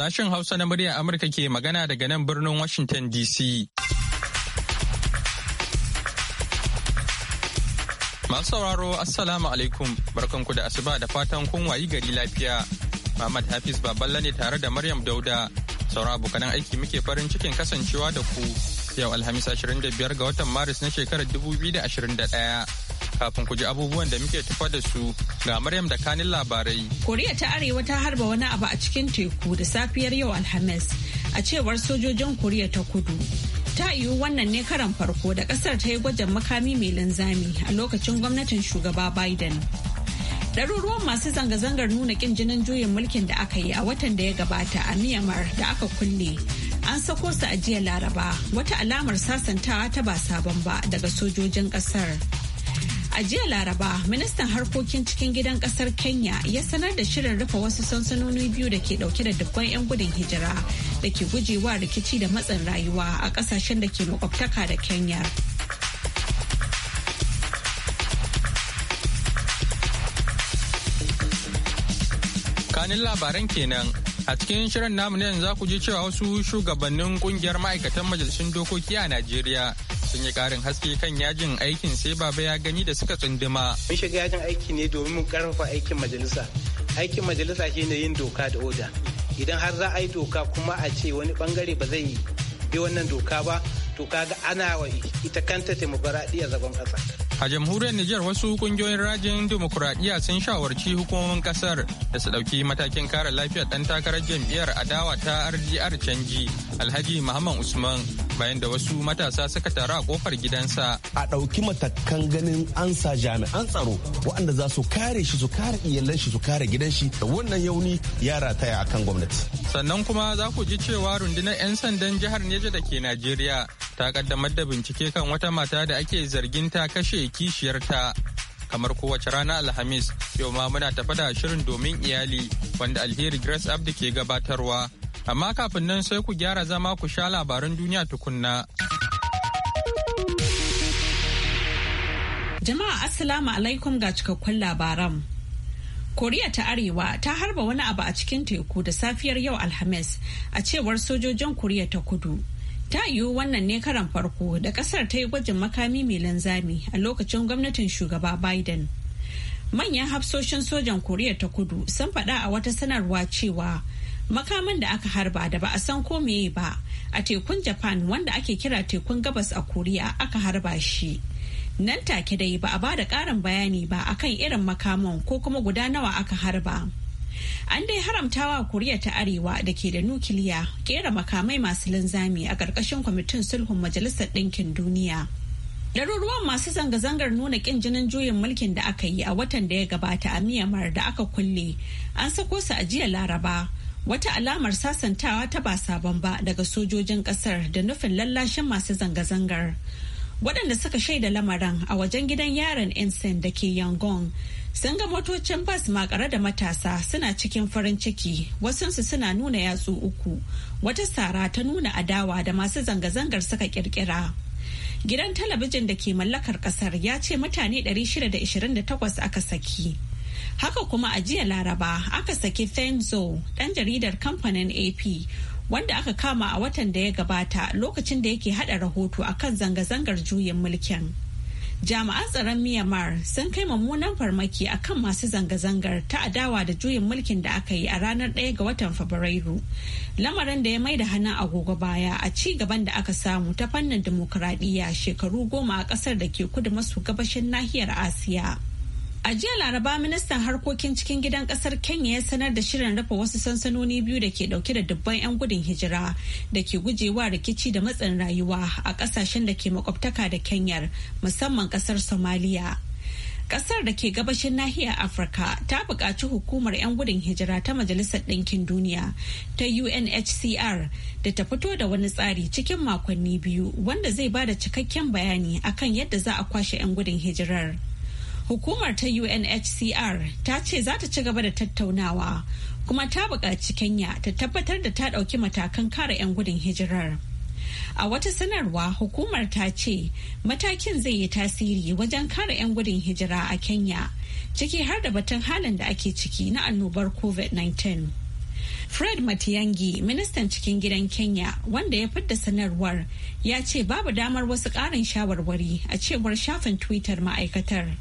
Sashen Hausa na muryar Amurka ke magana daga nan birnin Washington DC. Masu sauraro Assalamu alaikum barkanku da asuba da fatan kun wayi gari lafiya. Muhammad Hafiz Baballa ne tare da Maryam Dauda. Saura abokanan aiki muke farin cikin kasancewa da ku. Yau Alhamis 25 ga watan Maris na shekarar 2021. kafin ku ji abubuwan da muke tafa da su ga Maryam da kanin labarai. Koriya ta Arewa ta harba wani abu a cikin teku da safiyar yau Alhamis a cewar sojojin Koriya ta Kudu. Ta yiwu wannan ne karan farko da kasar ta yi gwajin makami mai linzami a lokacin gwamnatin shugaba Biden. Ɗaruruwan masu zanga-zangar nuna ƙin jinin juyin mulkin da aka yi a watan da ya gabata a Myanmar da aka kulle an sako su a jiya laraba wata alamar sasantawa ta ba sabon ba daga sojojin ƙasar. A jiya Laraba, ministan harkokin cikin gidan kasar Kenya ya sanar da shirin rufe wasu sansanoni biyu da ke dauke da dubban 'yan gudun hijira da ke gujewa rikici da matsin rayuwa a kasashen da ke makwabtaka da Kenya. Kanin labaran kenan a cikin shirin namu ne za ku ji cewa wasu shugabannin kungiyar ma'aikatan majalisun dokoki a Najeriya sun yi karin haske kan yajin aikin sai baba ya gani da suka tsunduma. Mun shiga yajin aiki ne domin mu karfafa aikin majalisa. Aikin majalisa shine yin doka da oda. Idan har za a yi doka kuma a ce wani bangare ba zai bi wannan doka ba, to kaga ana wa ita kanta a zagon ƙasa. A jamhuriyar Nijar wasu kungiyoyin rajin dimokuraɗiyya sun shawarci hukumomin kasar da su ɗauki matakin kare lafiyar ɗan takarar jam'iyyar adawa ta RDR canji Alhaji Muhammad Usman bayan da wasu matasa suka taru a kofar gidansa. A ɗauki matakan ganin ansa jami'an tsaro waɗanda za su kare shi su kare iyalan shi su kare gidan shi da wannan yauni ya rataya a kan gwamnati. Sannan kuma za ku ji cewa rundunar 'yan sandan jihar Neja da ke Najeriya ta kaddamar da bincike kan wata mata da ake zargin ta kashe kishiyarta. kamar kowace rana alhamis yau ma muna tafa da shirin domin iyali wanda alheri grace abdi ke gabatarwa Amma kafin nan sai ku gyara zama ku sha labaran duniya tukunna. Jama'a Assalamu alaikum ga cikakkun labaran. Koriya ta Arewa ta harba wani abu a cikin teku da safiyar yau Alhamis a cewar sojojin Koriya ta Kudu. Ta yi wannan ne karan farko da kasar ta yi gwajin makami mai linzami a lokacin gwamnatin shugaba Biden. Manyan hafsoshin sojan Koriya ta Kudu sun faɗa a wata sanarwa cewa makaman da aka harba da ba a san ko meye ba a tekun japan wanda ake kira tekun gabas a koriya aka harba shi nan take dai ba a ba da karin bayani ba akan irin makaman ko kuma guda nawa aka harba an dai haramtawa koriya ta arewa da ke da nukiliya kera makamai masu linzami a ƙarƙashin kwamitin sulhun majalisar ɗinkin duniya ɗaruruwan masu zanga-zangar nuna ƙin jinin juyin mulkin da aka yi a watan da ya gabata a miyamar da aka kulle an sako su a jiya Laraba wata alamar sasantawa ta ba sabon ba daga sojojin kasar da nufin lallashin masu zanga-zangar waɗanda suka shaida lamarin a wajen gidan yaron ensign da ke yangon sun ga motocin bas makare da matasa suna cikin farin ciki wasunsu suna nuna yatsu uku wata sara ta nuna adawa da masu zanga-zangar suka kirkira gidan talabijin da ke mallakar kasar ya ce mutane 628 aka saki Haka kuma a jiya Laraba aka saki Fenzo ɗan jaridar kamfanin AP wanda aka kama a watan da ya gabata lokacin da yake hada rahoto akan zanga-zangar juyin mulkin. jami'an tsaron myanmar sun kai mummunan farmaki akan masu zanga-zangar ta adawa da juyin mulkin da aka yi a ranar 1 ga watan fabrairu lamarin da ya mai da hannun agogo baya a ci gaban da aka samu ta fannin dimokuraɗiyya shekaru goma a ƙasar da ke kudu maso gabashin nahiyar asiya A jiya Laraba ministan harkokin cikin gidan kasar Kenya ya sanar da shirin rufe wasu sansanoni biyu da ke dauke da dubban 'yan gudun hijira da ke gujewa rikici da matsin rayuwa a kasashen da ke makwabtaka da Kenyar musamman kasar Somalia. Kasar da ke gabashin nahiyar Afirka ta buƙaci hukumar 'yan gudun hijira ta Majalisar Ɗinkin Duniya ta UNHCR da ta fito da wani tsari cikin makonni biyu wanda zai ba da cikakken bayani akan yadda za a kwashe 'yan gudun hijirar. Hukumar ta UNHCR ta ce za ta ci gaba da tattaunawa kuma ta buƙaci Kenya ta tabbatar da ta ɗauki matakan kare 'yan gudun hijirar. A wata sanarwa hukumar ta ce matakin zai yi tasiri wajen kare 'yan gudun hijira a Kenya ciki har da batun halin da ake ciki na annobar COVID-19. Fred Matiyangi, ministan cikin gidan Kenya wanda ya fidda sanarwar ya ce babu damar wasu ƙarin shawarwari a cewar shafin Twitter ma'aikatar.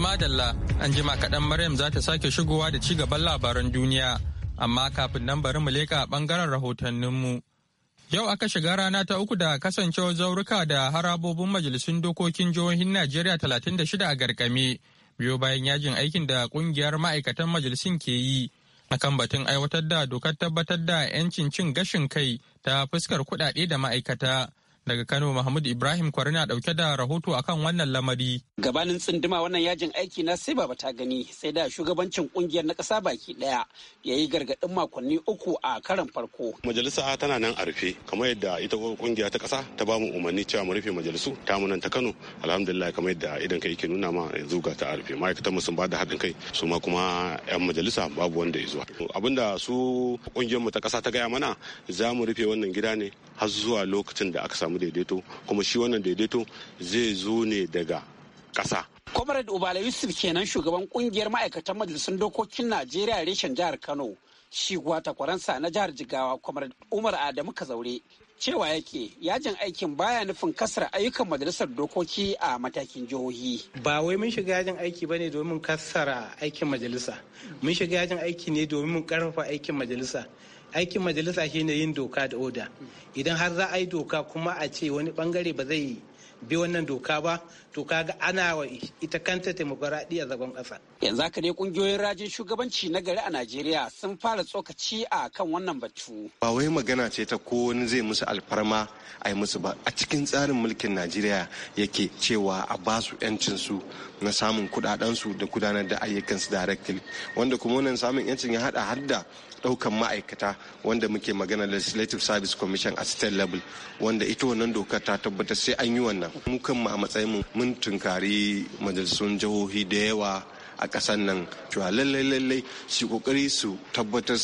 madalla an jima kaɗan Maryam za ta sake shigowa da ci gaban labaran duniya. Amma kafin nan bari mu leƙa ɓangaren rahotanninmu. Yau aka shiga rana ta uku da kasancewar zauruka da harabobin majalisun dokokin jihohin Najeriya shida a garkame biyo bayan yajin aikin da kungiyar ma'aikatan majalisun ke yi akan batun aiwatar da dokar tabbatar da 'yancin cin gashin kai ta fuskar kuɗaɗe da ma'aikata. Daga Kano Mahmud Ibrahim Kwari na dauke da rahoto akan wannan lamari. Gabanin tsinduma wannan yajin aiki na sai baba ta gani sai da shugabancin kungiyar na kasa baki daya ya yi gargadin makonni uku a karan farko. Majalisa tana nan a rufe kamar yadda ita kungiya ta kasa ta bamu umarni cewa mu rufe majalisu ta mu nan ta Kano alhamdulillah kamar yadda idan kai ke nuna ma yanzu ga ta rufe ma'aikatan mu sun da haɗin kai su ma kuma yan majalisa babu wanda ya zuwa. Abinda su kungiyar mu ta kasa ta gaya mana za mu rufe wannan gida ne har zuwa lokacin da aka samu daidaito kuma shi wannan daidaito zai zo ne daga ƙasa. comrade ubala yusuf kenan shugaban kungiyar ma'aikatan majalisun dokokin najeriya reshen jihar kano shi takwaransa na jihar jigawa comrade umar adamu kazaure cewa yake yajin aikin baya nufin kasar ayyukan majalisar dokoki a matakin jihohi. Ba wai mun shiga yajin aiki bane domin kasara aikin majalisa. Mun shiga yajin aiki ne domin mun karfafa aikin majalisa. aikin majalisa shine yin doka da oda idan har za a yi doka kuma a ce wani bangare ba zai bi wannan doka ba to kaga ana wa ita kanta demokuraɗiyya zagon ƙasa. yanzu haka ne kungiyoyin rajin shugabanci na gari a najeriya sun fara tsokaci a kan wannan batu. ba wai magana ce ta ko wani zai musu alfarma a yi musu ba a cikin tsarin mulkin najeriya yake cewa a ba su yancinsu na samun kuɗaɗensu da gudanar da ayyukansu directly wanda kuma wannan samun yancin ya haɗa har da daukan ma'aikata wanda muke magana legislative service commission a state level wanda ita wannan doka ta tabbatar sai an yi wannan mu kanmu a matsayin mun tunkari majalisun jihohi da yawa a ƙasar nan cewa lallai lallai su kokari su tabbatar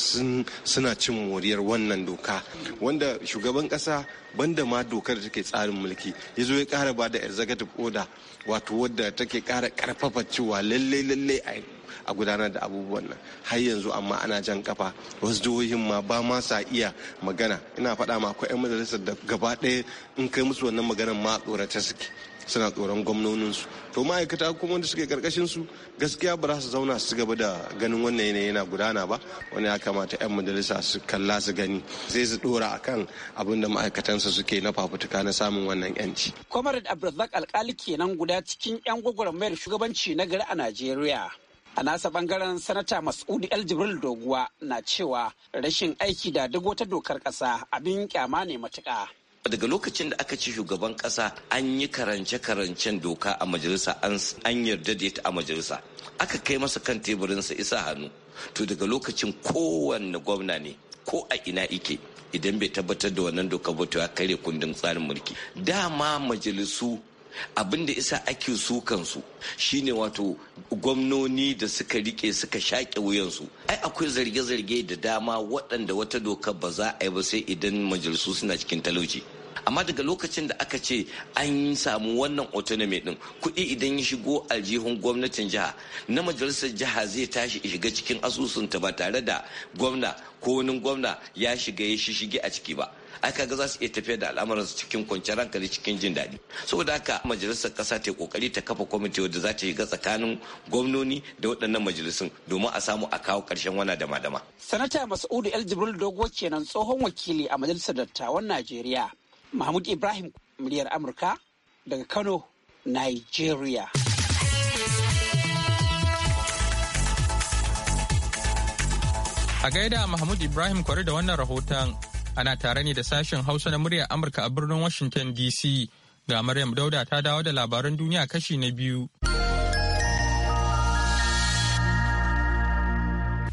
suna cin moriyar wannan doka wanda shugaban ƙasa banda ma dokar da take tsarin mulki ya zo ya kara ba da executive order wato wadda take kara karfafa cewa lallai lallai a a gudanar da abubuwan nan har yanzu amma ana jan kafa wasu jihohin ma ba ma sa iya magana ina faɗa ma akwai 'yan majalisar da gaba ɗaya in kai musu wannan maganar ma tsorata suke suna tsoron gwamnoninsu to ma'aikata kuma da suke karkashin su gaskiya ba za su zauna su gaba da ganin wannan yanayi yana gudana ba wani ya kamata 'yan majalisa su kalla su gani sai su dora akan abin da ma'aikatansa suke na fafutuka na samun wannan yanci. comrade abdulrazak alkali kenan guda cikin 'yan gwagwarmayar shugabanci na gari a najeriya a nasa bangaren sanata mas'udi el jibril doguwa na cewa rashin aiki da duk wata dokar ƙasa abin kyama ne matuka. daga lokacin da aka ci shugaban kasa an yi karance-karancen doka a majalisa an yarda da ta a majalisa aka kai masa kan teburinsa isa hannu to daga lokacin kowanne gwamna ne ko a ina ike idan bai tabbatar da wannan doka ba to ya kare kundin tsarin mulki dama majalisu abin da isa ake kansu shine wato gwamnoni da suka rike suka shaƙe wuyansu ai akwai zarge-zarge da dama waɗanda wata doka ba za a yi ba sai idan majalisu suna cikin talauci amma daga lokacin da aka ce an samu wannan autonomy din kuɗi idan ya shigo aljihun gwamnatin jiha na majalisar jiha zai tashi shiga cikin asusunta ba tare da gwamna ko wani gwamna ya shiga ya shige a ciki ba ai kaga za su iya tafiya da al'amuransu cikin kwanciyar hankali cikin jin daɗi saboda haka majalisar ƙasa ta kokari ta kafa kwamiti wadda za ta ga tsakanin gwamnoni da waɗannan majalisun domin a samu a kawo ƙarshen wana dama dama sanata mas'udu el jibril dogo kenan tsohon wakili a majalisar dattawan najeriya mahmud ibrahim muryar amurka daga kano nigeria a gaida mahmud ibrahim kwari da wannan rahoton Ana tare ne da sashen Hausa na muryar Amurka a birnin Washington DC. Ga Maryam Dauda ta dawo da labaran duniya kashi na biyu.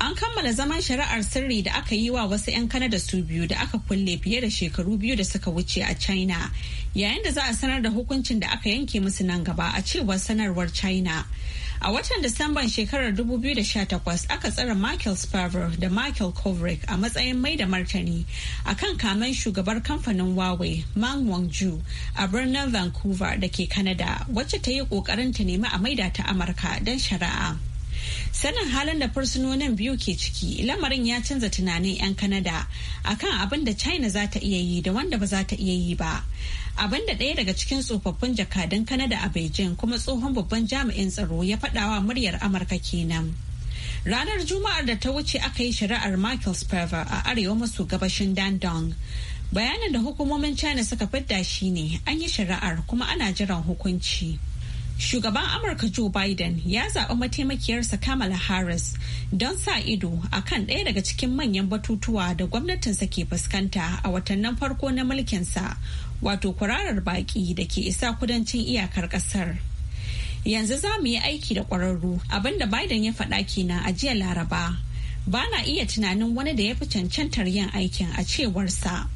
An kammala zaman shari'ar sirri da aka yi wa wasu 'yan Kanada su biyu da aka kulle fiye da shekaru biyu da suka wuce a China, yayin da za a sanar da hukuncin da aka yanke musu nan gaba a cewar sanarwar China. A watan Disamban shekarar 2018 aka tsara Michael Spavor da Michael Kovrig a matsayin mai da martani a kan kamen shugabar kamfanin Huawei Mang Wangju a birnin Vancouver da ke Canada wacce ta yi ƙoƙarin ta nemi a maida ta Amurka don shari'a. sanin halin da fursunonin biyu ke ciki lamarin ya canza tunanin 'yan kanada akan abin da china za ta iya yi da wanda ba za ta iya yi ba abin da ɗaya daga cikin tsofaffin jakadun kanada a beijing kuma tsohon babban jami'in tsaro ya faɗawa muryar amurka kenan ranar juma'ar da ta wuce aka yi shari'ar michael spavor a arewa maso gabashin dandong bayanin da hukumomin china suka fidda shi ne an yi shari'ar kuma ana jiran hukunci. Shugaban Amurka Joe Biden ya zaɓi mataimakiyarsa Kamala Harris don sa ido a kan ɗaya daga cikin manyan batutuwa da gwamnatinsa ke fuskanta a watannin farko na mulkinsa, wato kwararar baƙi da ke isa kudancin iyakar ƙasar. Yanzu za mu yi aiki da ƙwararru abinda Biden ya faɗa kenan a jiya Laraba. Ba na iya tunanin wani da ya fi cancantar yin aikin a cewarsa.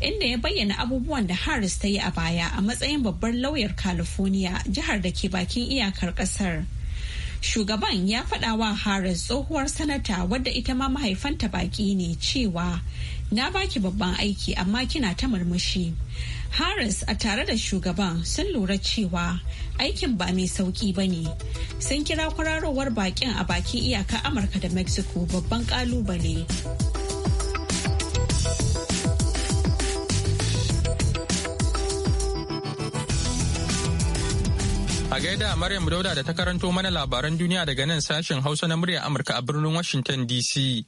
inda ya bayyana abubuwan da Harris ta yi a baya a matsayin babbar lauyar California jihar da ke bakin iyakar kasar. Shugaban ya faɗa wa Harris tsohuwar sanata wadda ita ma mahaifanta baki ne cewa na baki babban aiki amma kina ta murmushi. Harris a tare da shugaban sun lura cewa aikin ba mai sauki ba ne. Sun kira kwararowar bakin a bakin iyaka Amurka da Mexico babban kalubale. A gaida Maryam Dauda da ta karanto mana labaran duniya daga nan sashen Hausa na murya Amurka a birnin Washington DC.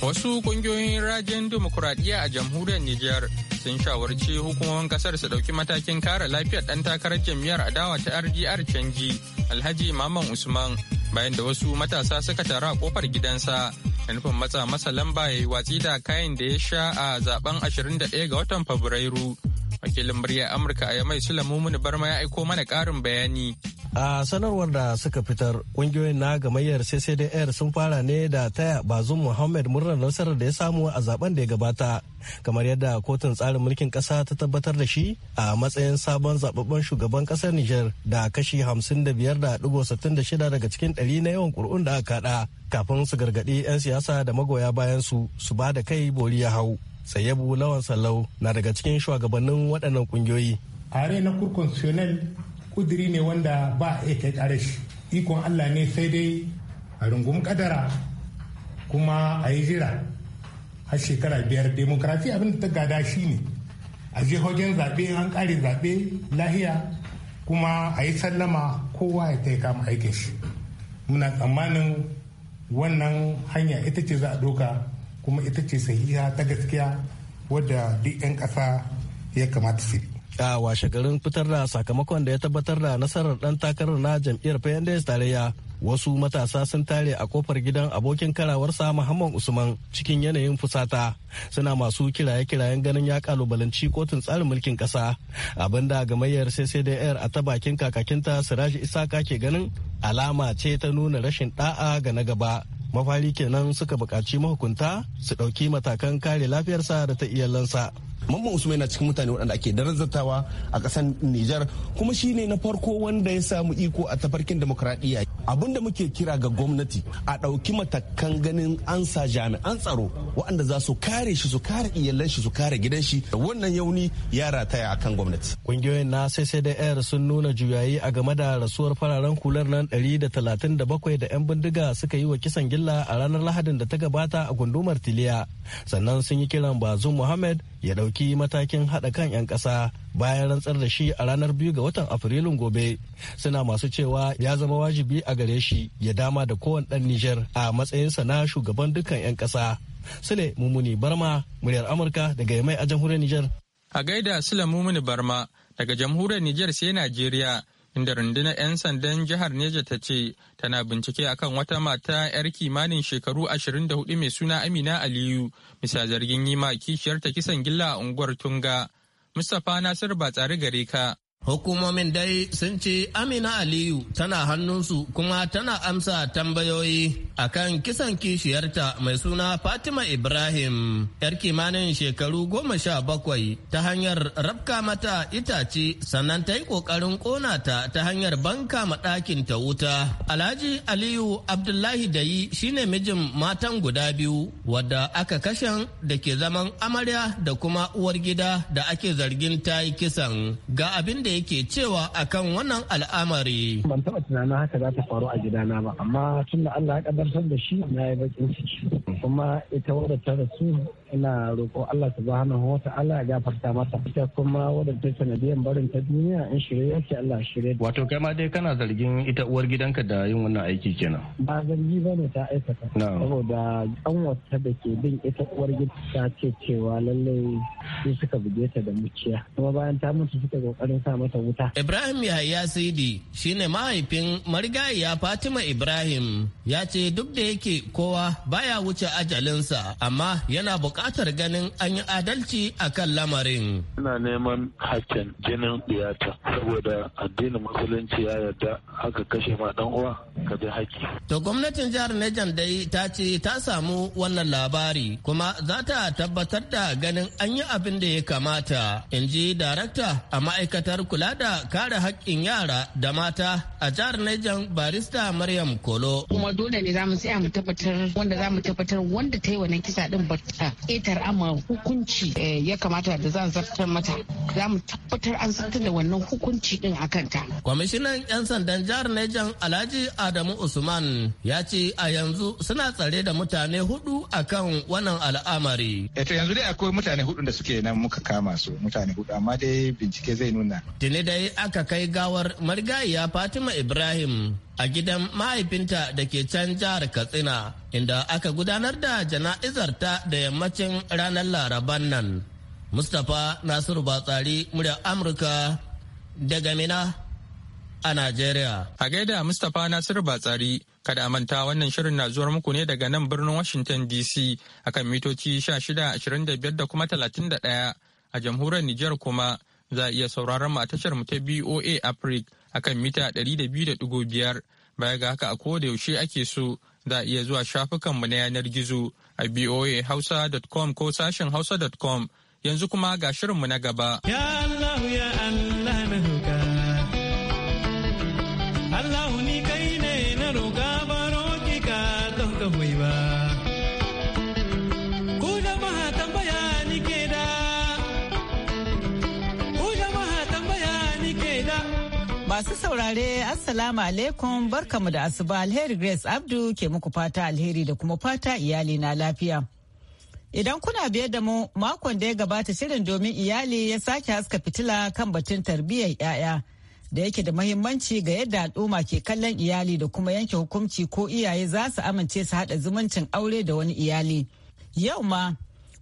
Wasu kungiyoyin rajin dimokuraɗiyya a jamhuriyar Nijar sun shawarci hukumomin kasar su ɗauki matakin kare lafiyar ɗan takarar jam'iyyar adawa ta RDR canji Alhaji Maman Usman bayan da wasu matasa suka taru a kofar gidansa da nufin matsa masa lamba ya yi watsi da kayan da ya sha a zaben 21 ga watan Fabrairu. Wakilin murya Amurka a Yamai Sulamu Mumuni Barma ya aiko mana ƙarin bayani. a sanarwar da suka fitar kungiyoyin na gamayyar ccdr sun fara ne da taya bazum muhammad murnar nasarar da ya samu a zaben da ya gabata kamar yadda kotun tsarin mulkin kasa ta tabbatar da shi a matsayin sabon zababben shugaban kasar niger da kashi 55.66 daga cikin ɗari na yawan kur'un da aka kada kafin su gargadi 'yan siyasa da magoya bayan su su ba da kai bori ya hau sayyabu lawan sallau na daga cikin shugabannin waɗannan kungiyoyi. are na kudiri ne wanda ba a kai kare shi ikon allah ne sai dai a rungum kadara kuma a yi jira har shekara biyar demokrasi abin da ta gada shi ne a je zaɓe an ƙare zaɓe lahiya kuma a yi sallama kowa ya kai kama aikin shi muna tsammanin wannan hanya ita ce za a doka kuma ita ce sahiha ta gaskiya wadda duk 'yan ƙasa ya kamata su a washe garin fitar da sakamakon da ya tabbatar da nasarar dan takarar na jam'iyyar pnds tarayya wasu matasa sun tare a kofar gidan abokin karawarsa muhammad usman cikin yanayin fusata suna masu kiraye-kirayen ganin ya kalubalanci kotun tsarin mulkin kasa abinda gamayyar ccdr a ta bakin kakakinta isa isaka ke ganin alama ce ta nuna rashin da'a ga na gaba mafari kenan suka buƙaci mahukunta su ɗauki matakan kare lafiyarsa da ta iyalansa mamman usman na cikin mutane waɗanda ake darazatawa a ƙasar nijar kuma shine na farko wanda ya samu iko a tafarkin demokradiyya abin da muke kira ga gwamnati a ɗauki matakan ganin an sa jami'an tsaro waɗanda za su kare shi su kare iyalan shi su kare gidan shi da wannan yauni ya rataya akan gwamnati ƙungiyoyin na ccdr sun nuna juyayi a game da rasuwar fararen kular nan ɗari da da da 'yan bindiga suka yi wa kisan gilla a ranar lahadin da ta gabata a gundumar tiliya sannan sun yi kiran bazu muhammad ya ɗauki matakin haɗa kan 'yan ƙasa bayan rantsar da shi a ranar biyu ga watan afrilun gobe suna masu cewa ya zama wajibi a gare shi ya dama da kowane ɗan nijar a matsayinsa na shugaban dukkan 'yan ƙasa sule mumuni barma muryar amurka daga yamai a jamhuriyar niger a gaida sule mumuni barma daga jamhuriyar nijar sai najeriya inda rundunar 'yan sandan jihar neja ta ce tana bincike akan wata mata 'yar kimanin shekaru 24 mai suna amina aliyu bisa zargin yi ma kishiyarta kisan gilla a unguwar tunga Mustapha Nasir ba tsare gare ka Hukumomin dai sun ce Amina Aliyu tana hannunsu kuma tana amsa tambayoyi a kan kisan kishiyarta mai suna Fatima Ibrahim, 'yar kimanin shekaru goma sha bakwai ta hanyar rabka mata itace sannan ta yi ƙoƙarin ƙona ta ta hanyar banka ɗakin ta wuta. Alhaji Aliyu Abdullahi da Dayi shine mijin matan guda biyu wadda aka kashen da ke zaman amarya da kuma uwar gida da ake zargin ta yi kisan. Ga abin da yake cewa akan wannan al'amari. Ban taɓa tunanin haka za ta faru a gidana ba, amma tun da Allah ya kadartar da shi na yi bakin ciki. Kuma ita wadda ta rasu ina roƙo Allah hana wata Allah ya gafarta mata. Ita kuma wadda ta sanadiyan barin ta duniya in shirye yake Allah shirye. Wato kai ma dai kana zargin ita uwar gidanka da yin wannan aiki kenan. Ba zargi ba ne ta aikata. Saboda an wata da ke bin ita uwar ta ce cewa lallai su suka buge ta da muciya. Kuma bayan ta mutu suka kokarin sa wuta. Ibrahim Yahaya Sidi shine mahaifin marigayiya Fatima Ibrahim ya ce duk da yake kowa baya wuce ajalinsa amma yana buƙatar ganin an yi adalci a kan lamarin. Ina neman hakkin jinin ɗiyata saboda addinin musulunci ya yarda haka kashe ma ɗan uwa ka bi haƙƙi. To gwamnatin jihar Nejan dai ta ce ta samu wannan labari kuma za ta tabbatar da ganin an yi abin da ya kamata in ji darakta a ma'aikatar kula da kare haƙƙin yara da mata a jihar Niger barista Maryam Kolo. Kuma dole ne zamu tsaya mu tabbatar wanda zamu tabbatar wanda ta yi wannan kisa din ba ta ƙetar ama hukunci eh, ya kamata da zan zartar mata. Zamu tabbatar an zartar da wannan hukunci din a kanta. Kwamishinan 'yan sandan jihar Niger Alhaji Adamu Usman ya ce a yanzu suna tsare da mutane hudu akan wannan al'amari. Eto eh, yanzu dai akwai mutane hudu da suke nan muka kama su mutane hudu amma dai bincike zai nuna Tuni dai aka kai gawar marigayiya Fatima Ibrahim a gidan mahaifinta da ke can jihar Katsina inda aka gudanar da jana'izar ta da yammacin ranar Laraban nan. Mustapha Nasiru Batsari murya Amurka daga Mina a Najeriya. A gaida Mustapha Nasiru Batsari kada a manta wannan shirin na zuwar muku ne daga nan birnin Washington DC akan mitoci 16, 25 da kuma 31 a jamhuriyar Nijar kuma za a iya sauraron mu a tashar mu ta BOA Africa akan mita 200.5 baya ga haka a koda yaushe ake so za a iya zuwa shafukan mu na yanar gizo a boahausa.com ko sashen hausa.com yanzu kuma ga shirin mu na gaba. Masu saurare Assalamu alaikum barkamu da asuba alheri Grace Abdu ke muku fata alheri da kuma fata iyali na lafiya. Idan kuna biye da mu makon da ya gabata shirin domin iyali ya sake haska fitila kan batun tarbiyyar 'ya'ya da yake da mahimmanci ga yadda al'umma ke kallon iyali da kuma yanke hukunci ko iyaye za su amince su haɗa zumuncin aure da wani iyali. Yau ma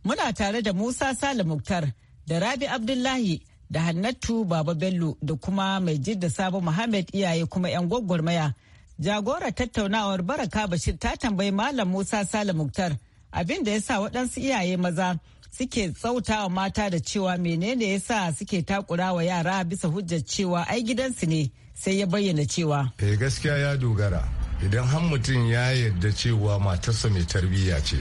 muna tare da Musa Sale Muktar da Rabi Abdullahi da Hannatu Baba Bello da kuma mai jidda Sabo Muhammad iyaye kuma 'yan gwagwarmaya. jagora tattaunawar Baraka Bashir ta tambayi Malam Musa Sale Muktar abin da ya sa waɗansu iyaye maza suke tsautawa mata da cewa menene ya sa suke takura wa yara bisa hujjar cewa ai gidansu ne sai ya bayyana cewa. e gaskiya ya dogara idan har mutum ya yarda cewa matarsa mai tarbiyya ce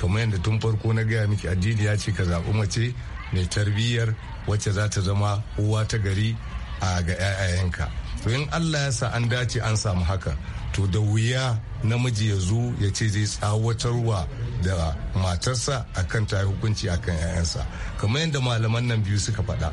kamar yadda tun farko na gaya miki addini ya ce ka zaɓi mace mai tarbiyyar wacce za ta zama uwa ta gari a ga 'ya'yayenka to in allah ya sa an dace an samu haka to da wuya namiji ya zo ya ce zai tsawatarwa da matarsa kan ta hukunci a akan 'ya'yansa kamar yadda malaman nan biyu suka faɗa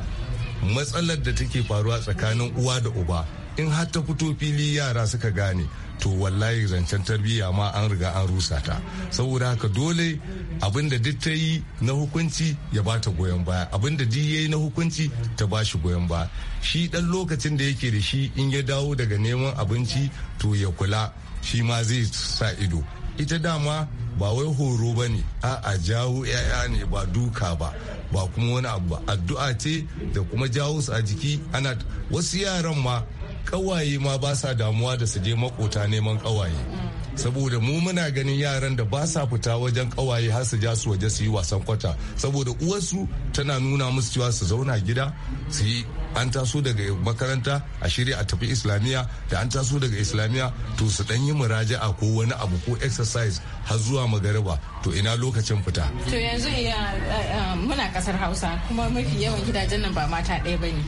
matsalar da take faruwa tsakanin uwa da uba in har ta fito fili yara suka gane to wallahi zancen tarbiyya ma an riga an rusa ta saboda haka dole abin da duk ta yi na hukunci ya ba ta goyon baya abin da duk ya yi na hukunci ta ba shi goyon baya shi dan lokacin da yake da shi in ya dawo daga neman abinci to ya kula shi ma zai sa ido ita dama ba wai horo ba ne a jawo 'ya'ya ne ba duka ba ba kuma wani abu ba addu'a ce da kuma jawo su a jiki ana wasu yaran ma kawaye ma ba sa damuwa da su je makota neman kawaye saboda mu muna ganin yaran da ba sa fita wajen kawaye har su ja su waje su yi wasan kwata saboda uwarsu tana nuna musu cewa su zauna gida su yi an taso daga makaranta a shirya a tafi islamiyya da an taso daga islamiyya to su dan yi muraja'a ko wani abu ko exercise har zuwa magariba to ina lokacin fita to yanzu muna kasar hausa kuma mafi yawan gidajen nan ba mata ɗaya ba ne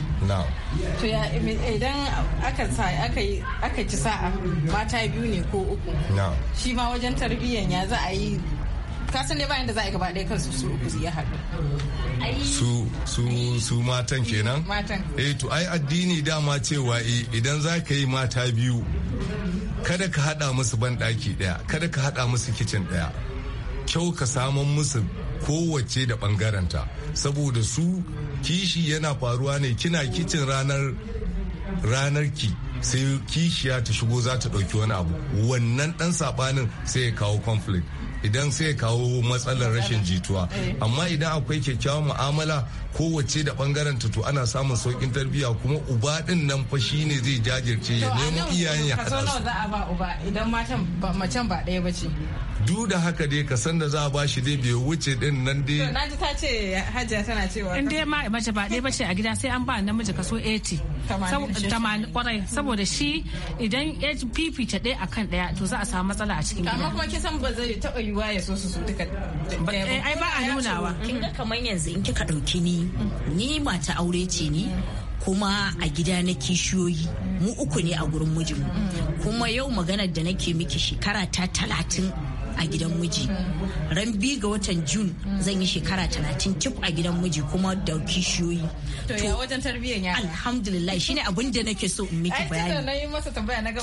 to idan aka ci sa'a mata biyu ne ko uku shi ma wajen tarbiyyan ya za a yi su matan kenan matan eh to ai addini dama cewa eh, idan za ka yi mata biyu kada ka hada musu banɗaki ɗaya kada ka hada musu kicin ɗaya kyau ka saman musu kowace da ɓangaranta saboda su kishi yana faruwa ne kina kicin ranar ranar ki sai kishiya ta shigo za ta ɗauki wani abu wannan ɗan saɓanin sai ya kawo conflict idan sai kawo matsalar rashin jituwa eh. amma idan akwai kyakkyawan mu'amala kowace da bangaren ta to ana samun saukin tarbiyya kuma uba din nan fa shine zai jajirce ya nemo iyayen ya kaso nawa za a ba uba idan matan macen ba ɗaya bace du da haka dai ka san da za a ba shi dai bai wuce din nan dai to naji ta ce hajiya tana cewa in dai ma mace ba ɗaya bace a gida sai an ba namiji kaso 80 80 kwarai saboda shi idan HPP ta ɗaya akan ɗaya to za a samu matsala a cikin gida amma kuma kin san ba zai taɓa yiwa ya so su su duka eh, ai ba a nunawa kin ga kamar yanzu in kika ɗauki ni ni mata aure ce ni kuma a gida na kishiyoyi mu uku ne a gurin mijinmu kuma yau maganar da nake miki shekara ta talatin a gidan miji ran biyu ga watan jun zan yi shekara talatin cif a gidan miji kuma da kishiyoyi to ya wajen tarbiyyar yara alhamdulillah shine abin da nake so in miki bayani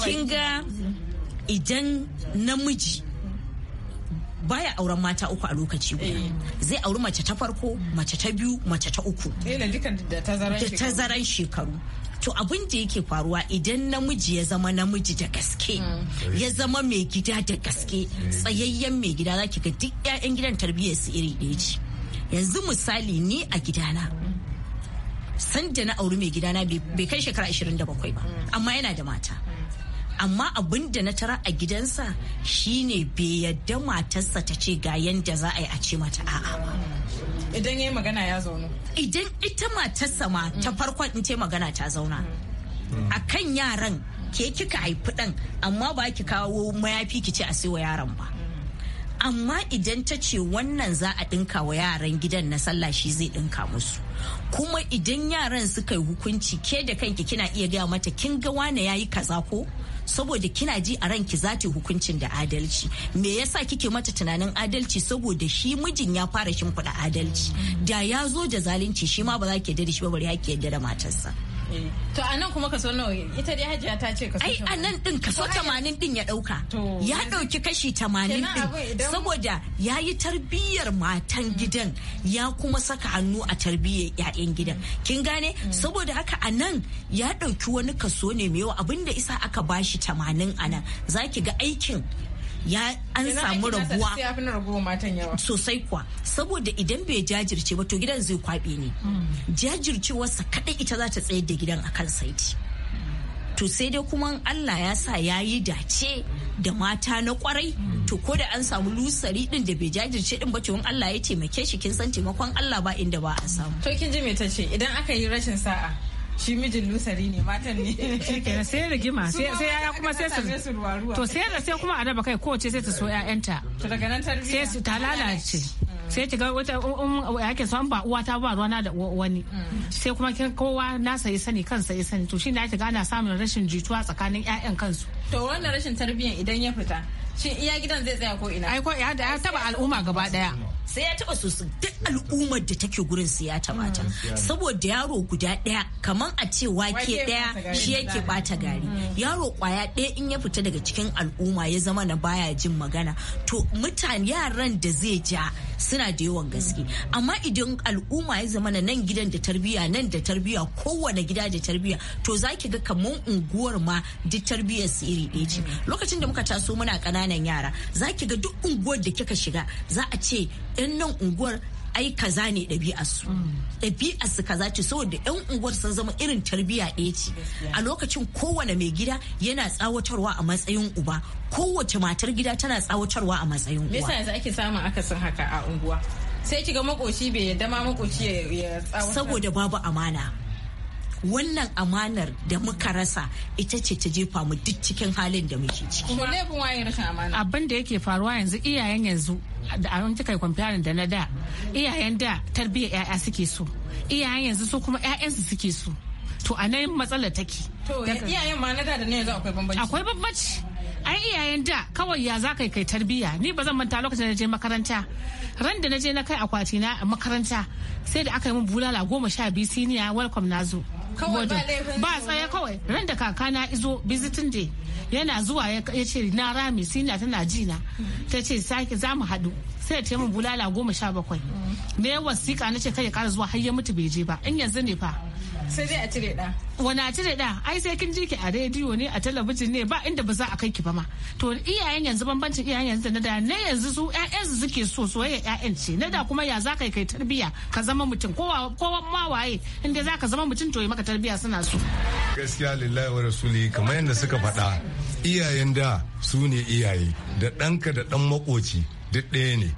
kin ga idan namiji baya auren mata uku a lokaci guda eh. zai auri mace ta farko mace ta biyu mace ta uku eh, da tazaran shekaru to abin da yake faruwa idan namiji ya zama namiji da gaske hmm. ya zama mai gida da gaske hmm. tsayayyen mai gida Za ki ga duk 'ya'yan gidan tarbiyyar su iri ɗaya ce yanzu misali ni a gidana sanda na auri mai gidana bai kai shekara 27 ba hmm. amma yana da mata amma abin da na tara a gidansa shine bai yadda matarsa ta ce ga yadda za a yi a ce mata a'a ba idan yi magana ya zauna idan ita matarsa ma ta farkon in ce magana ta zauna hmm. a kan yaran ke kika haifi ɗan. amma ba ki kawo mayafi ki ce a wa yaron ba amma idan ta ce wannan za a dinka wa yaran gidan na sallah shi zai dinka musu kuma idan yaran suka yi hukunci ke da kanki kina iya gaya mata kin ga wane yayi kaza ko saboda kina ji a ranki za ta hukuncin da adalci me yasa kike mata tunanin adalci saboda shi mijin ya fara shimfiɗa adalci da ya zo da zalunci shi ma ba za ki yarda da shi ba bari ya ki yarda da matarsa Eh, to a nan kuma kaso nawa ita dai hajiya ta ce kaso ai a nan din kaso 80 din ya dauka ya dauki kashi 80 din saboda ya yi tarbiyyar matan mm. gidan ya kuma saka hannu a tarbiyyar yayan gidan mm. kin gane mm. saboda haka a nan ya dauki wani kaso ne mai yawa abinda isa aka bashi 80 a nan zaki ga aikin ya an samu raguwa sosai kuwa saboda idan bai jajirce ba to gidan zai kwabe ne hmm. jajircewarsa kadai ita za ta tsayar da gidan akan saiti to sai dai kuma Allah ya sa ya yi dace da mata na kwarai hmm. to ko da an samu lusari din da bai jajirce din ba to in Allah ya taimake shi kin san taimakon Allah ba inda ba a samu to kin ji ta ce idan aka yi rashin sa'a shi mijin lusari ne matan ne kenan sai rigima sai yaya kuma sai su to sai da sai kuma a raba kai kowace sai ta so ƴaƴanta to daga nan tarbiyya sai su ta lalace mm. sai ki ga wata um, yake so ba uwa ta ba ruwana da wani mm. sai kuma kin kowa nasa ya sani kansa ya sani to shi ne ake gana samun rashin jituwa tsakanin ƴaƴan kansu to wannan rashin tarbiyyan idan ya fita shin iya gidan zai tsaya ko ina ai ko ya taba al'umma gaba daya sai ya taba su duk al'ummar da take gurin su ya taba ta mm. saboda yaro guda daya kamar a ce wake daya shi yake bata gari mm. yaro kwaya daya in ya fita daga cikin al'umma ya zama na baya jin magana to mutane yaran da zai ja suna da yawan gaske amma idan al'umma ya zama nan gidan da tarbiyya nan da tarbiyya kowane gida da tarbiyya to za ki ga kamar unguwar ma duk tarbiyyar su iri ɗaya ce lokacin da muka taso muna ƙananan yara za ki ga duk unguwar da kika shiga za a ce 'yan nan unguwar ai kaza ne ɗabi'arsu mm. ɗabi'arsu kaza ce saboda yan unguwar sun zama irin tarbiyya ɗaya ce a lokacin kowane mai gida yana tsawatarwa a matsayin uba kowace matar gida tana tsawatarwa a matsayin uba. me yanzu ake samun akasin haka a unguwa sai kiga makoci bai yadda ma makoci ya tsawatar saboda babu amana wannan amanar da muka rasa ita ce ta jefa mu duk cikin halin da muke ciki. Abin da yake faruwa yanzu iyayen yanzu da an kika yi kwamfiyarin da na da iyayen da tarbiyyar 'ya'ya suke so iyayen yanzu su kuma 'ya'yansu suke so to a nan matsalar take. To iyayen ma na da da na yanzu akwai bambanci. Akwai bambanci. ai iyayen da kawai ya za kai kai tarbiya ni ba zan manta lokacin da je makaranta ran da na je na kai akwati na makaranta sai da aka yi min bulala goma sha biyu siniya welcome na zo ba tsaya kawai ran da kakana izo bizitin de yana zuwa ya ce na rami sina tana jina ta ce sake za mu haɗu sai ta yi bulala goma sha bakwai ne wasiƙa na ce kai ya kara zuwa har ya mutu bai je ba in yanzu ne fa sai dai a cire da wani a cire da ai sai kin ji ki a rediyo ne a talabijin ne ba inda ba za a kai ki ba ma to iyayen yanzu bambancin iyayen yanzu da da ne yanzu su ƴaƴan su suke so soyayya ƴaƴan ce na da kuma ya za ka kai tarbiya ka zama mutum kowa kowa ma waye inda za ka zama mutum to yi maka tarbiya suna so gaskiya lillahi wa rasuli kamar yadda suka faɗa iyayen da su ne iyaye da ɗanka da ɗan makoci duk ɗaya ne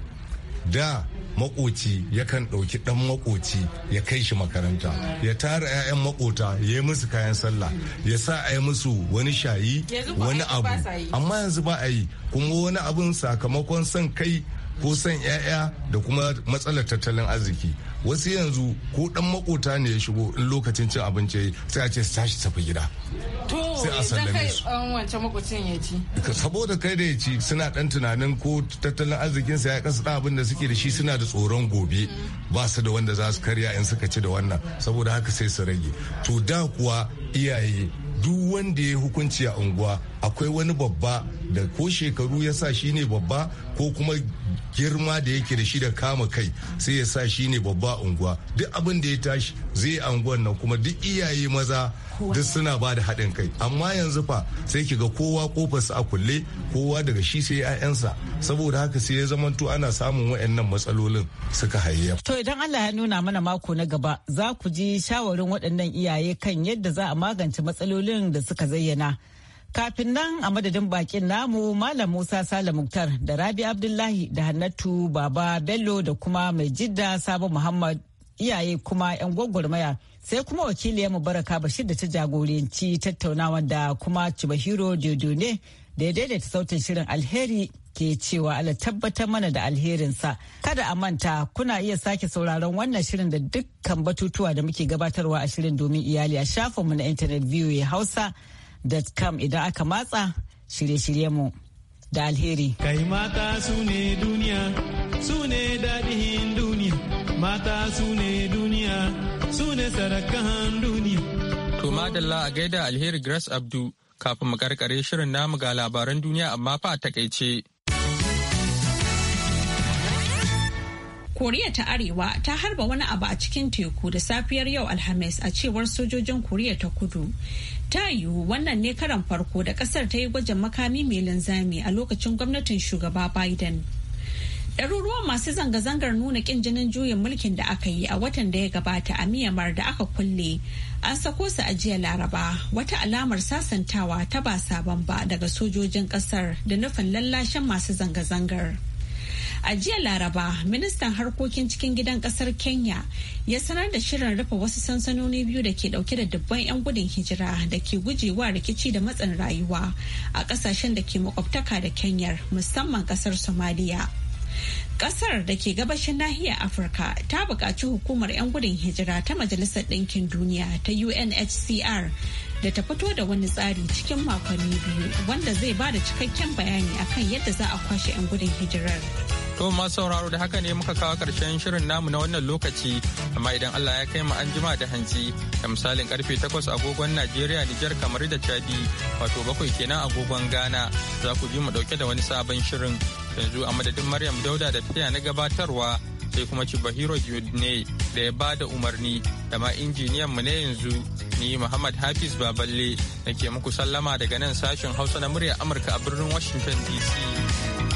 da makoci yakan ɗauki ɗan makoci ya kai shi makaranta ya tara 'ya'yan makota ya yi musu kayan sallah ya sa a yi musu wani shayi wani abu amma yanzu ba a yi kuma wani abun sakamakon son kai ko son 'ya'ya da kuma matsalar tattalin arziki wasu yanzu ko dan makota ne ya shigo in lokacin cin abinci ya yi sai a ce su tashi tafi gida sai a sallame su ka saboda kai da ya ci suna dan tunanin ko tattalin arzikin sa ya kasa abin da suke da shi suna da tsoron gobe ba su da wanda za su karya in suka ci da wannan saboda haka sai su rage to da kuwa iyaye duk wanda ya yi hukunci a unguwa akwai wani babba da ko shekaru ya sa shi ne babba ko kuma girma da yake da shi da kama kai sai ya sa shi ne babba unguwa duk abin da ya tashi zai anguwan nan kuma duk iyaye maza duk suna ba da haɗin kai amma yanzu fa sai ki ga kowa kofarsa a kulle kowa daga shi sai ya'yansa saboda haka sai ya zamanto ana samun wayannan matsalolin suka hayayya. to idan allah ya nuna mana mako na gaba za ku ji shawarin waɗannan iyaye kan yadda za a magance matsalolin da suka zayyana Kafin nan a madadin bakin namu Malam Musa Sale Muktar da Rabi Abdullahi da Hannatu Baba Bello da kuma mai jidda Sabo Muhammad iyaye kuma 'yan gwagwarmaya sai kuma wakili wakiliyar Mubaraka Bashir da ta jagoranci tattaunawa da kuma Chibahiro Diodone da ya daidaita sautin shirin alheri ke cewa ala tabbatar mana da alherinsa kada a manta kuna iya sake sauraron wannan shirin da dukkan batutuwa da muke gabatarwa a shirin domin iyali a shafinmu na intanet ya hausa com idan aka matsa shirye-shiryenmu da alheri. Kai mata su ne duniya, su ne daɗin duniya, mata su ne duniya, su ne sarakan duniya. To madalla a gaida alheri Grace Abdu kafin mu karkare shirin namu ga labaran duniya amma fa a takaice. koriya ta arewa ta harba wani abu a cikin teku da safiyar yau alhamis a cewar sojojin koriya ta kudu ta yiwu wannan ne karan farko da kasar ta yi gwajin makami mai linzami a lokacin gwamnatin shugaba biden ɗaruruwan masu zanga-zangar nuna ƙin jinin juyin mulkin da aka yi a watan da ya gabata a miyamar da aka kulle an sako su a jiya laraba wata alamar sasantawa ta ba sabon ba daga sojojin ƙasar da nufin lallashen masu zanga-zangar A jiya Laraba, ministan harkokin cikin gidan kasar Kenya ya sanar da shirin rufe wasu sansanoni biyu da ke dauke da dubban 'yan gudun hijira da ke gujewa rikici da matsin rayuwa a kasashen da ke makwabtaka da Kenyar musamman kasar Somaliya. Kasar da ke gabashin nahiyar Afirka ta bukaci hukumar 'yan gudun hijira ta Majalisar Ɗinkin Duniya ta UNHCR da ta fito da wani tsari cikin makonni biyu wanda zai ba da cikakken bayani akan yadda za a kwashe 'yan gudun hijirar. To ma sauraro da haka ne muka kawo karshen shirin namu na wannan lokaci amma idan Allah ya kai mu an jima da hantsi da misalin karfe 8 agogon Najeriya Nijar kamar da Chadi wato bakwai kenan agogon Ghana za ku ji mu dauke da wani sabon shirin yanzu a madadin maryam dauda da ta na gabatarwa sai kuma ci Chibahiro ne da ya bada umarni da ma injiniyan mu ne yanzu ni Muhammad Hafiz Baballe nake muku sallama daga nan sashen Hausa na murya Amurka a birnin Washington DC.